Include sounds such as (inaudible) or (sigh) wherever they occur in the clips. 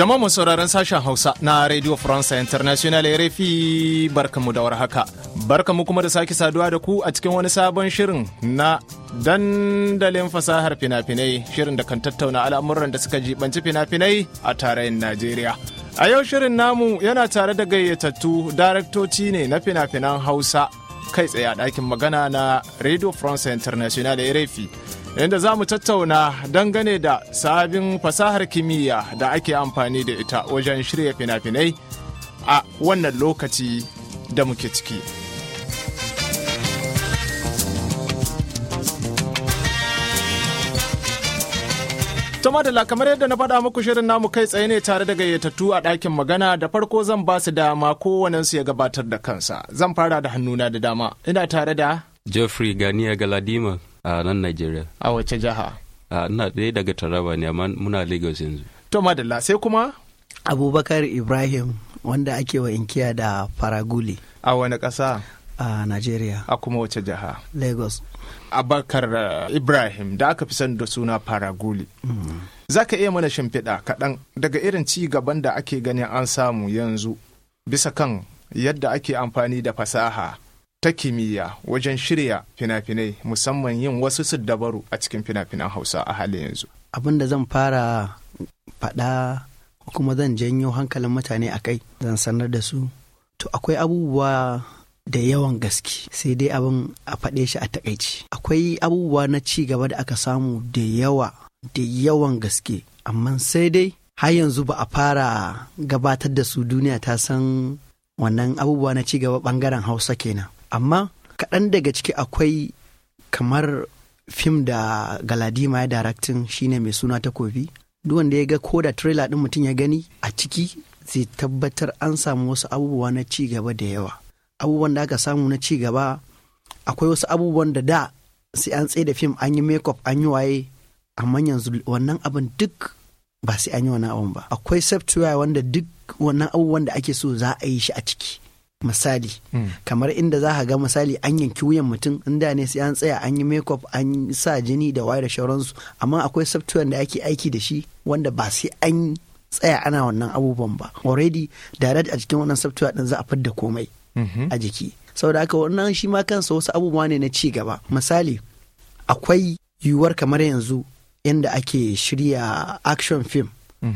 Jama'a sauraron sashen Hausa na Radio France International RFI barkamu da warhaka. Barkamu kuma da sake saduwa da ku a cikin wani sabon shirin na dandalin fasahar fina-finai shirin da kan tattauna al'amuran da suka jibanci fina-finai a tarayyar Najeriya. A yau shirin namu yana tare da gayyatattu daraktoci ne na fina-finan Hausa kai tsaye a ɗakin magana na Radio France International RFI. inda za mu tattauna dangane da sabin fasahar kimiyya da ake amfani da ita wajen shirya fina-finai a wannan lokaci da muke ciki. Tamadala kamar yadda na faɗa muku shirin namu kai tsaye ne tare da gayyatattu a ɗakin magana da farko zan ba su dama kowanensu ya gabatar da kansa. Zan fara da hannuna da dama. Ina tare da Geoffrey Ganiya Galadima. a nan Najeriya. A wace jiha? A ina ɗaya daga Taraba ne amma muna Lagos yanzu. To madalla sai kuma? Abubakar Ibrahim wanda ake wa inkiya da Faraguli. A wani ƙasa? A Najeriya. A kuma wace jiha? Lagos. Abubakar uh, Ibrahim da aka fi son da suna Faraguli. zaka mm. Za ka iya mana shimfiɗa kaɗan daga irin ci gaban da ake ganin an samu yanzu bisa kan yadda ake amfani da fasaha ta kimiyya wajen shirya fina-finai musamman yin wasu su dabaru a cikin fina-finan hausa a halin yanzu abin da zan fara faɗa kuma zan janyo hankalin mutane a kai zan sanar da su to akwai abubuwa da yawan gaske sai dai abin a faɗe shi a takaici akwai abubuwa na ci gaba da aka samu da yawa da yawan gaske amma sai dai har yanzu ba a fara gabatar da su duniya ta san wannan abubuwa na ci gaba bangaren hausa kenan amma kaɗan daga ciki akwai kamar fim da galadima ya daraktin shine mai suna takobi duk wanda ya ga ko da trailer ɗin mutum ya gani a ciki zai tabbatar an samu wasu abubuwa na ci gaba da yawa abubuwan da aka samu na ci gaba akwai wasu abubuwan da da sai an tsaye da fim an yi makeup an yi waye amma yanzu wannan abin duk ba sai an yi wani abin ba akwai software wanda duk wannan abubuwan da ake so za a yi shi a ciki misali hmm. kamar inda za ka ga misali an yanki wuyan mutum inda ne sai an tsaya an yi makeup an sa jini da waye da shauransu amma akwai software da ake aiki da shi wanda ba sai an tsaya ana wannan abubuwan ba already direct a cikin wannan software din za a fidda komai mhm. a jiki saboda haka wannan shi ma kansa wasu abubuwa ne na ci gaba misali akwai yiwuwar kamar yanzu inda ake shirya action film hmm.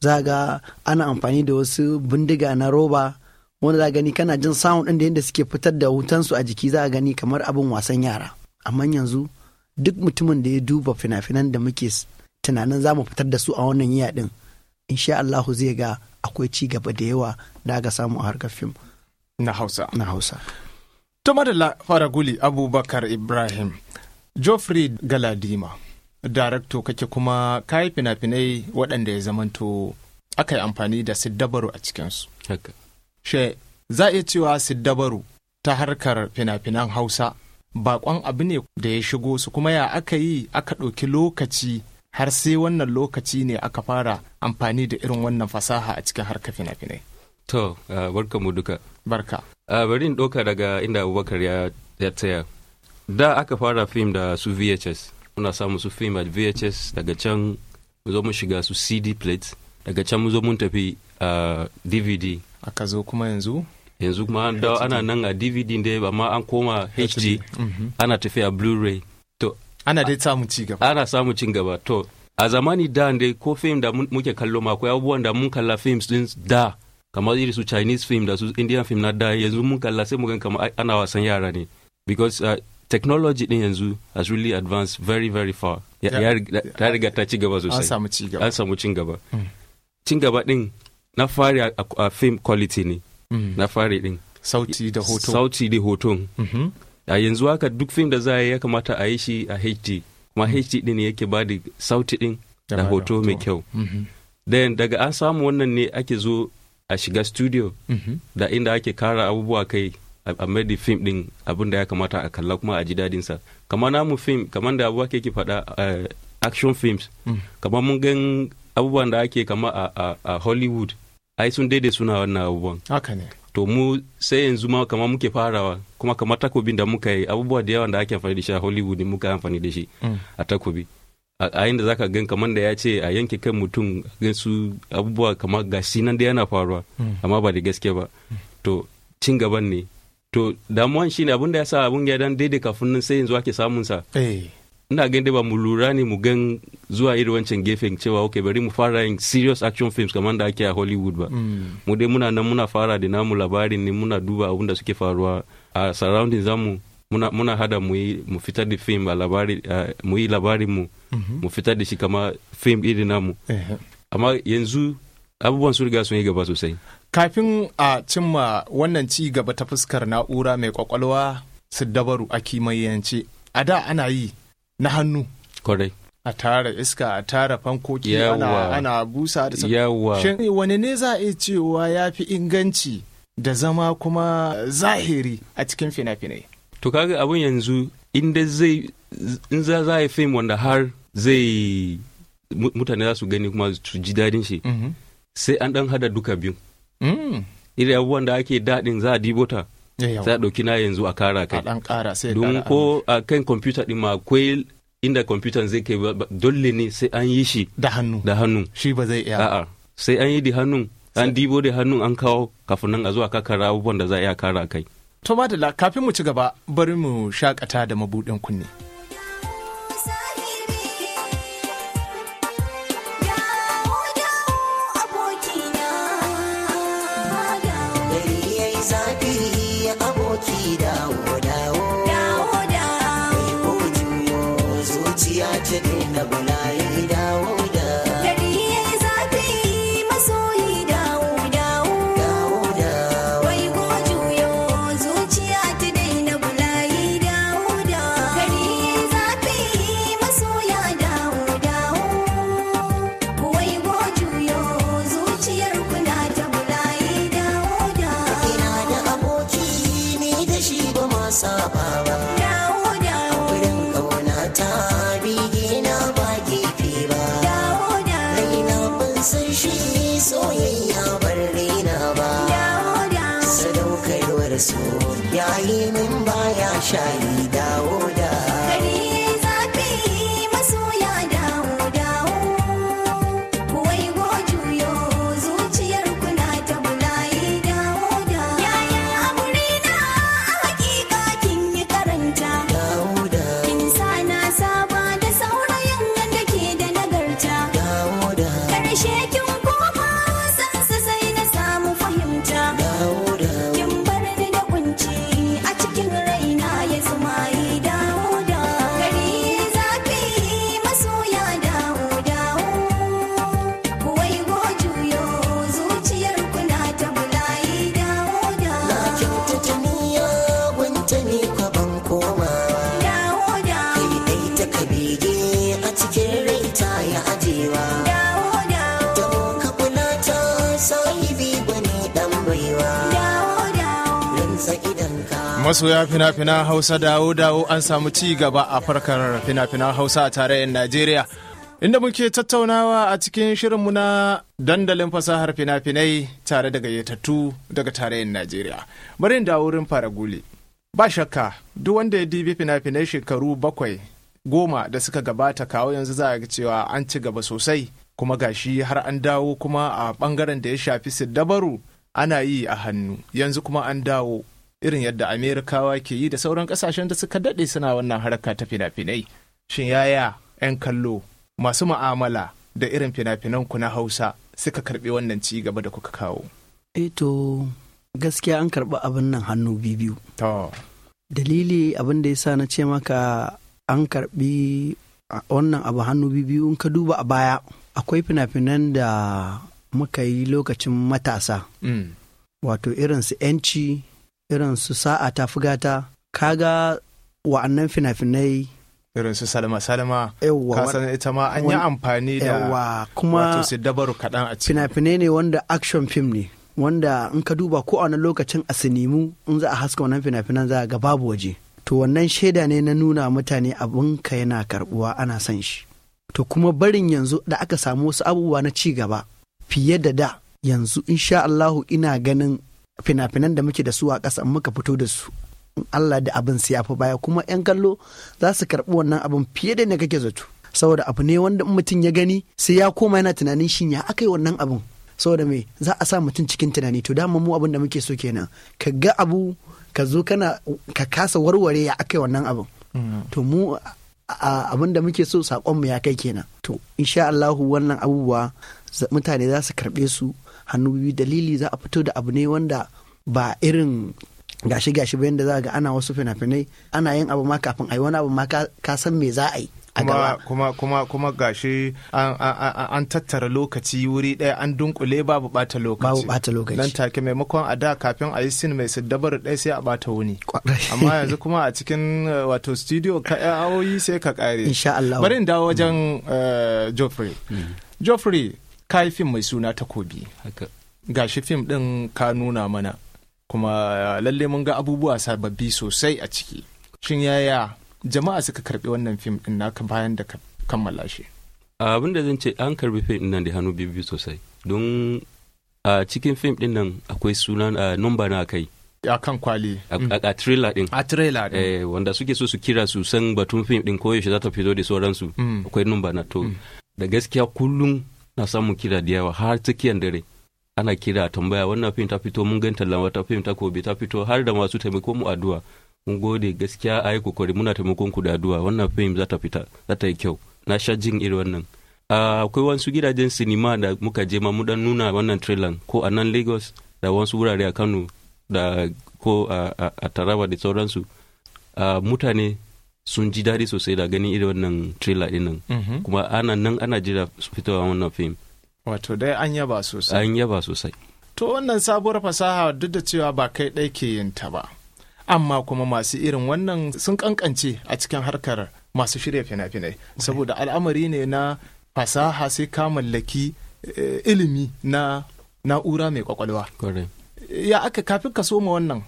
za ga ana amfani da wasu bindiga na roba wanda za gani kana jin samun ɗin da yadda suke fitar da hutansu a jiki za a gani kamar abin wasan yara amma yanzu duk mutumin da ya duba fina-finan da muke tunanin za mu fitar da su a wannan yiya ɗin insha Allahu zai ga akwai ci gaba da yawa da aka samu a harkar fim na Hausa na Hausa to madalla faraguli Abubakar Ibrahim joffrey Galadima darakto kake kuma kayi fina-finai waɗanda ya zamanto aka yi amfani da su dabaru a cikinsu. she za iya cewa siddabaru ta harkar fina-finan hausa bakon abu ne da ya shigo su kuma ya aka yi aka ɗauki lokaci har sai wannan lokaci ne aka fara amfani da irin wannan fasaha a cikin harkar fina-finai. To, barka mu duka. Barka. Bari in ɗauka daga inda Abubakar ya tsaya. Da aka fara fim da su VHS, muna samu su fim a VHS daga can mu zo mu shiga su CD plate, daga can mu zo mun tafi dvd uh, ka zo kuma yanzu yanzu kuma an dawo ana nan a dvd ba amma an koma hd mhm. ana tafiya blu-ray to ana dai samun ci gaba ana samun ci gaba to a zamani da dai ko fim da muke kallo ma akwai abubuwan da mun kalla films din da kamar irin su chinese film da su indian film na da yanzu mun kalla sai mu gan kamar ana wasan yara ne because uh, technology din yanzu has really advanced very very far ya riga ta ci gaba sosai an samu ci gaba an samu ci gaba mm. cin gaba din na fari a, a film quality ne mm. na fari din sauti da hoton sauti da hoton mm-hmm. a yanzu haka duk fim da za a yi ya kamata a yi shi a HD kuma mm. HD din yake ba da sauti din da hoto mai kyau mm-hmm. then daga an samu wannan ne ake zo a shiga studio mm-hmm. da inda ake kara abubuwa kai a mai da fim din abin da ya kamata a kalla kuma a ji dadin sa kamar namu fim kamar da abubuwa ke faɗa eh, action films mm. kamar mun gan abubuwan da ake kama a, a, a Hollywood ai sun daidai suna wannan abubuwan haka ne to mu sai yanzu ma kama muke farawa kuma kamar takobin da muka yi abubuwa da yawa da ake amfani da shi a hollywood muka amfani da shi mm. a takobi a inda za zaka gan kamar da ya ce a yanke kan mutum gan su abubuwa kamar gashi nan da yana faruwa mm. amma ba da gaske ba to cin gaban ne to damuwan shine abin da ya sa abin ya dan daidai kafin nan sai yanzu ake samun sa eh. ina gan da ba mu lura ne mu gan zuwa irin wancan gefen cewa ok bari mu fara yin serious action films kamar da ake a hollywood ba hmm. mu dai muna nan muna fara da namu labarin ne muna duba abin da suke faruwa a surrounding zamu muna, hada mu fitar da film a labari mu yi labarin mu mhm. mu fitar da shi kama film irin namu eh. amma yanzu abubuwan su riga sun yi gaba sosai kafin a cimma wannan ci gaba ta fuskar na'ura mai kwakwalwa su dabaru a kimayyance a da ana yi na hannu kwarai a tara iska a tara fankoki ana, ana busa da yawa shin wani ne za a cewa ya fi inganci da zama kuma zahiri a cikin fina-finai to kaga abin yanzu inda zai in za za yi fim wanda har zai mutane za su gani kuma su ji dadin shi mhm. sai an dan hada duka biyu mm. Iri abubuwan da ake daɗin za a dibota sai a ɗauki na yanzu a kara kai a kara sai don ko a kan kwamfuta ɗin ma akwai inda kwamfutan zai kai dole ne sai an yi shi da hannu da hannu shi ba zai iya a'a sai an yi da hannun an dibo da hannun an kawo kafin nan a zuwa kara abubuwan da za a iya kara kai to madalla kafin mu ci gaba bari mu shakata da mabuɗin kunne ya aboki dawo dawo dawo dawo ko juyo zuciya ta daina yi dawo Shine. masoya fina-finan hausa dawo-dawo an samu ci gaba a farkar fina-finan hausa a tarayyar najeriya inda muke tattaunawa a cikin shirinmu na dandalin fasahar fina-finai tare da gayyatattu daga tarayyar najeriya bari da wurin gule ba shakka duk wanda ya dibi fina-finai shekaru bakwai goma da suka gabata kawo yanzu za a cewa an ci gaba sosai kuma gashi har an dawo kuma a bangaren da ya shafi siddabaru ana yi a hannu yanzu kuma an dawo irin yadda amerikawa ke yi da sauran kasashen da suka daɗe suna wannan haraka ta fina-finai shin yaya 'yan kallo masu ma'amala da irin fina-finan ku na hausa suka karɓi wannan ci gaba da kuka kawo eto eh gaskiya an karɓi abin nan hannu biyu dalili abin da ya sa na ce maka an karɓi wannan abu hannu biyu in ka duba a baya akwai fina-finan da muka yi lokacin matasa mm. wato irinsu 'yanci irin su sa'a ta fi gata kaga wa'annan fina-finai irin su salama salama kasan ita ma an yi amfani da kuma su dabaru kaɗan a cikin fina-finai ne wanda action film ne wanda in ka duba ko a wani lokacin a sinimu in za a haska wannan fina-finan za a ga babu waje to wannan shaida ne na nuna mutane abin ka yana karbuwa ana son shi to kuma barin yanzu da aka samu wasu abubuwa na ci gaba fiye da da yanzu insha Allahu ina ganin fina-finan da muke da su a ƙasa muka fito da su Allah da abin su ya fi baya kuma 'yan kallo za su karɓi wannan abin fiye da na kake zato saboda abu ne wanda mutum ya gani sai ya koma yana tunanin shin ya aka yi wannan abin saboda me za a sa mutum cikin tunani to dama mu abin da muke so kenan ka ga abu ka zo kana ka kasa warware ya aka yi wannan abin mm. to mu abin da muke so mu ya kai kenan to insha Allahu wannan abubuwa mutane za su karɓe su hannu biyu dalili za a fito da abu ne wanda ba irin gashi gashi bayan da za ga ana wasu fina-finai ana yin abu ma kafin a yi wani abu ma ka san me za a yi kuma kuma kuma gashi an, an, tattara lokaci wuri ɗaya an dunkule babu bata lokaci babu bata lokaci nan take maimakon a da kafin a yi sin mai siddabar ɗaya sai a bata wuni amma yanzu kuma a cikin eh, wato studio ka eh, awoyi sai ka kare insha Allah bari in dawo wajen Joffrey eh, Joffrey hmm. ka fim mai suna takobi ga shi fim ɗin ka nuna mana kuma lalle mun ga abubuwa sababbi sosai a ciki shin yaya jama'a suka karbi wannan fim ɗin naka bayan da ka kammala shi ah, abin da zan ce an karbi fim ɗin nan da hannu bibi sosai don a cikin fim ɗin nan akwai sunan a nomba na kai a kan kwali a trailer din a trailer din eh wanda suke so su kira su san batun fim ɗin koyaushe za ta fito da sauransu mm. akwai numba na to mm. da gaskiya kullum na samun kira da yawa har tsakiyar dare ana kira tambaya wannan fim ta fito mun ganta lamar ta fim ta kobe ta fito har da masu taimako mu addu'a mun gode gaskiya a yi kokari muna taimakon ku da addu'a wannan fim za ta fita za ta yi kyau na sha jin irin wannan akwai wasu gidajen sinima da muka je ma mu dan nuna wannan trailer ko a nan lagos da wasu wurare a kano da ko a, a taraba da sauransu mutane sun ji daɗi sosai da ganin irin wannan trailer ɗin nan mhm. kuma ana nan ana jira fitowa wannan film. wato dai an yaba sosai an yaba sosai to wannan sabuwar fasaha duk da cewa ba kai ɗai ke yin ta ba amma kuma masu irin wannan sun kankance a cikin harkar masu shirya fina-finai saboda al'amari ne na fasaha sai ka mallaki eh, ilimi na na'ura mai kwakwalwa ya aka kafin ka soma wannan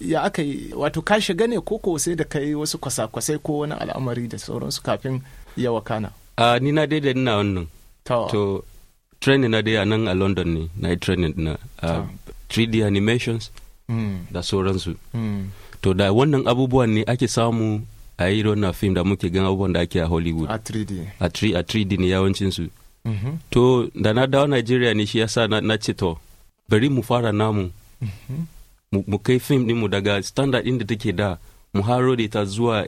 ya aka yi wato ka shiga ne ko ko sai da kai wasu kwasa-kwasai ko wani al'amari da sauransu kafin ya wakana a ni na daidai ina wannan to training na dai a nan a london ne na yi training na uh, 3d animations mm. da sauransu mm. to da wannan abubuwan ne ake samu a yi wannan film da muke gan abubuwan da ake a hollywood a 3d a 3d ne yawancinsu Mm -hmm. to da na dawo nigeria ne shi yasa na, na ce to bari mu fara namu mm -hmm. mu kai fim mu daga standard inda take da mu haro da ita zuwa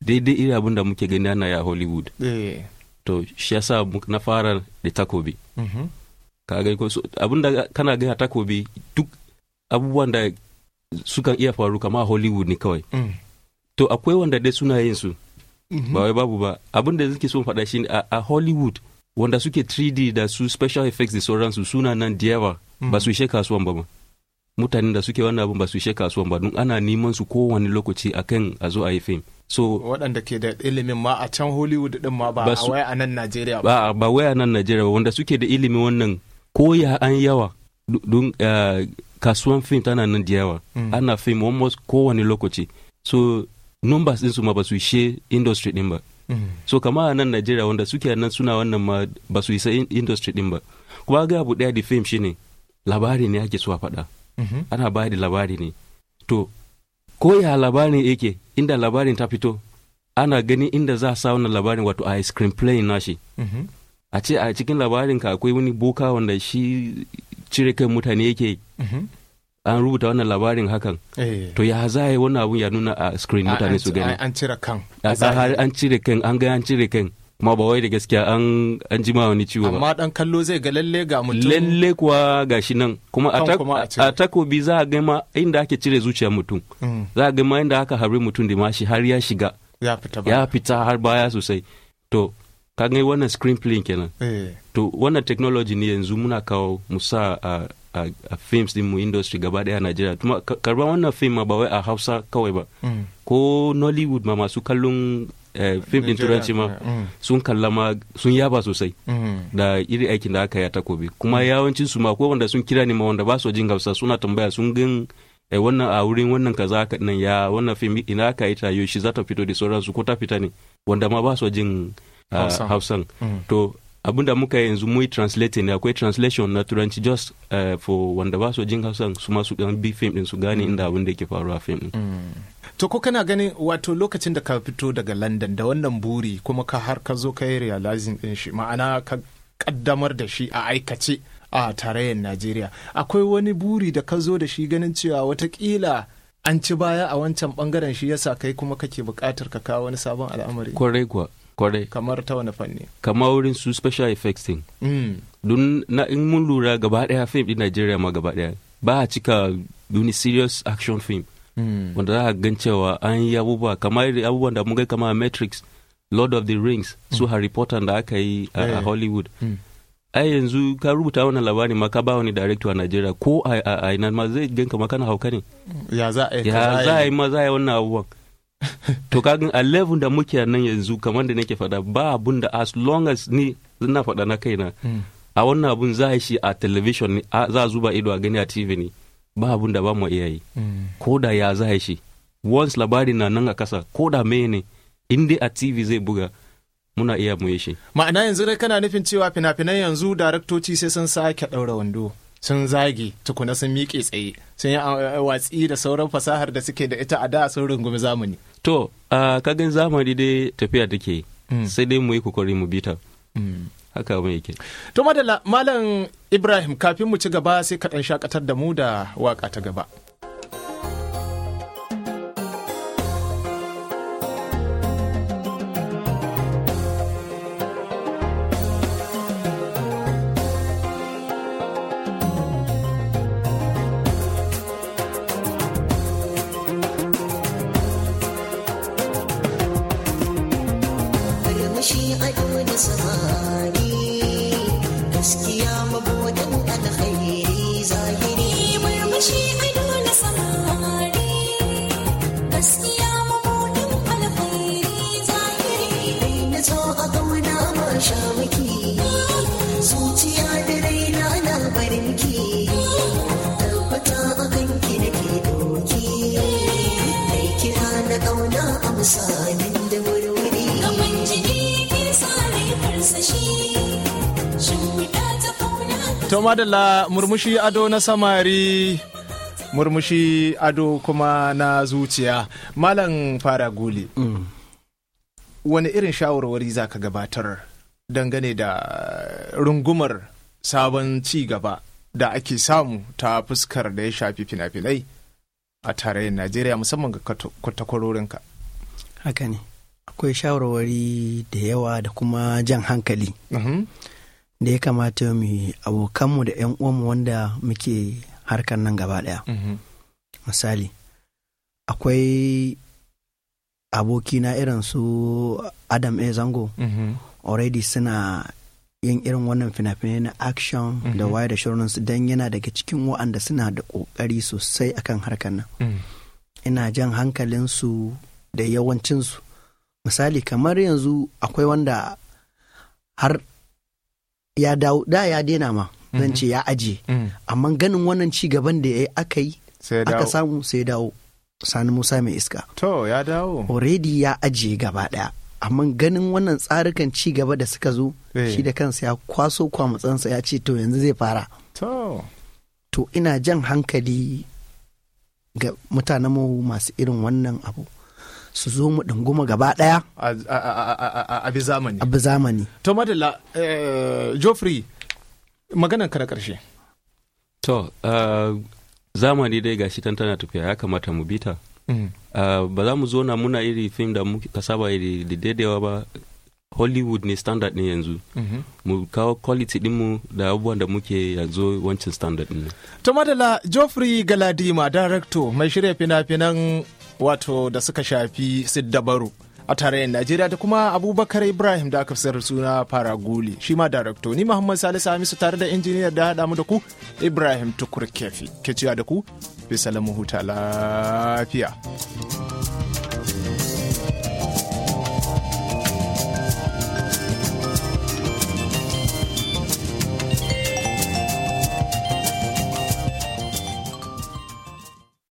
daidai iri abin da muke gani ana ya hollywood eh. to shi yasa na fara da takobi mhm. ka gani ko abin da kana gaya takobi duk abubuwan da sukan iya faru kama hollywood ne kawai mm. to akwai wanda dai suna yin su mhm. ba wai babu ba abin da suke son faɗa shi a hollywood wanda suke 3d da su special effects da sauransu suna nan da yawa ba mm. su ishe kasuwan ba ma mutanen da suke wannan abin ba su ishe kasuwan ba don ana neman su kowane lokaci kan a zo a yi fim so waɗanda ke da ilimin ma a can hollywood din ma ba a waya a nan najeriya ba ba waya a nan najeriya ba wanda suke da ilimin wannan ko ya an yawa don uh, eh, kasuwan fim tana nan da yawa mm. ana fim almost kowane lokaci so numbers din su ma ba su ishe industry din ba mm. so kama a nan najeriya wanda suke nan suna wannan ma ba su isa industry din ba kuma ga abu ɗaya da fim shine labari ne ake so a faɗa ana bayar da labari ne to ko ya labarin yake inda labarin ta fito ana gani inda za a sa wannan labarin wato a screen play nashi mhm. a ce a cikin labarin ka akwai wani boka wanda shi cire kan mutane yake mhm. an rubuta wannan labarin hakan eh. to ya za a yi wannan abun ya nuna a screen mutane su gani an cire kan an cire kan an ga an cire kan kuma ba wai da gaskiya an an jima wani ciwo ba amma dan kallo zai ga lalle ga mutum lalle kuwa gashi nan kuma a takobi za a ga ma inda ake cire zuciyar mutum mm. za a ga ma inda aka harbi mutum da mashi har ya shiga ya fita ya fita har baya sosai to ka ga wannan screen playing kenan eh. to wannan technology ne yanzu muna kawo musa a a, a films din mu industry gaba daya a Najeriya kuma karban wannan film ma ba wai a Hausa kawai ba mm. ko Nollywood ma masu kallon Eh, fim din turanci ma eh, mm. sun kalla sun yaba sosai mm. da iri aikin da aka ya takobi kuma yawancin su ma ko wanda sun kira ni ma wanda ba su jin hausa suna tambaya sun gan eh, wannan a wurin wannan kaza haka nan ya wannan fim ina aka yi ta shi za ta fito da sauransu ko ta fita ne wanda ma ba su jin ah, hausan mm. to abinda muka yanzu mu translate ne akwai translation na turanci just uh, for wanda ba su jin hausa su masu dan bi fim din su gane inda abin da ke faruwa film din mm. to ko kana ganin wato lokacin da ka fito daga london da wannan buri kuma ka har ka zo ka yi realizing din shi ma'ana ka kaddamar da shi a aikace a tarayyar najeriya akwai wani buri da ka zo da shi ganin cewa watakila an ci baya a wancan bangaren shi yasa kai kuma kake bukatar ka kawo wani sabon al'amari kwarai kuwa kwarai kamar ta wani fanni kamar wurin su special effects din mm. don na in mun lura gaba daya film din Nigeria ma gaba daya ba a cika duni serious action film mm. wanda za a gan cewa an yi abubuwa kamar abubuwan da muka kamar Matrix Lord of the Rings su mm. Harry Potter da aka yi a eh. Hollywood ai yanzu ka rubuta wannan labari ma ka ba wani director a Nigeria ko a ina ma zai ganka ma kana hauka ne ya za a yi ma za a yi wannan abubuwan (laughs) to kagan a level da muke nan yanzu kamar da nake faɗa ba abun da as long as ni na faɗa na kaina hmm. a wannan abun za a shi a television ne za a zuba ido a gani a tv ne ba abun da ba mu iya yi hmm. ko da ya za a shi once labari na nan a kasa ko da me ne in dai a tv zai buga muna iya mu shi ma'ana yanzu dai kana nufin cewa fina-finan yanzu daraktoci sai sun sake ɗaura wando sun zage tukuna sun miƙe tsaye sun yi eh, watsi da sauran fasahar da suke da ita a da sun rungumi zamani to a kagan zamani dai tafiya take mm. sai dai mu yi kokari mu bita ta mm. haka abin yake to madalla malam ibrahim kafin mu ci gaba sai ka ɗan shakatar da mu da waka ta gaba Tamadala, to madalla murmushi ado na samari murmushi ado kuma na zuciya malam fara goli mm. wani irin shawarwari za ka gabatar dangane da rungumar sabon ci gaba da ake samu ta fuskar da ya shafi fina-finai a tarayyar najeriya musamman ga kwatakwarorinka haka ne akwai shawarwari da yawa da kuma jan hankali da ya kamata mu abokanmu da 'yan uwanmu wanda muke harkar nan gaba ɗaya misali akwai abokina irin su adam a zango already suna yin irin wannan fina-finai na action da waye da shirinsu don yana daga cikin wa'anda suna da ƙoƙari sosai akan harkar nan ina jan hankalinsu da yawancinsu misali kamar yanzu akwai wanda har ya dawo da ya daina ma zan mhm. ce ya aje mhm. amma ganin wannan ci gaban da ya aka yi aka samu sai dawo sani musa mai iska to ya dawo already ya aje gaba daya amma ganin wannan tsarukan ci gaba da suka zo eh. shi da kansa ya kwaso kwamatsansa ya ce to yanzu zai fara to to ina jan hankali ga mutanenmu masu irin wannan abu su zo mu ɗunguma gaba ɗaya a bi zamani a bi zamani to madalla joffrey eh, maganan kara da ƙarshe to eh, zamani dai gashi tan tana tafiya ya kamata mu bita mm. eh, ba za mu zo na muna iri fim da muka saba iri da daidaiwa ba hollywood ne standard ne yanzu mm-hmm. mu kawo quality dinmu da abubuwan da muke yanzu wancin standard ne to madala galadima director mai shirya fina-finan wato da suka shafi siddabaru a tarayyar najeriya da kuma abubakar ibrahim da aka fi suna faraguli shi ma darakto ni muhammad salisu hamisu tare da injiniyar da haɗa mu da ku ibrahim tukur kefi ke da ku bisa lamu huta lafiya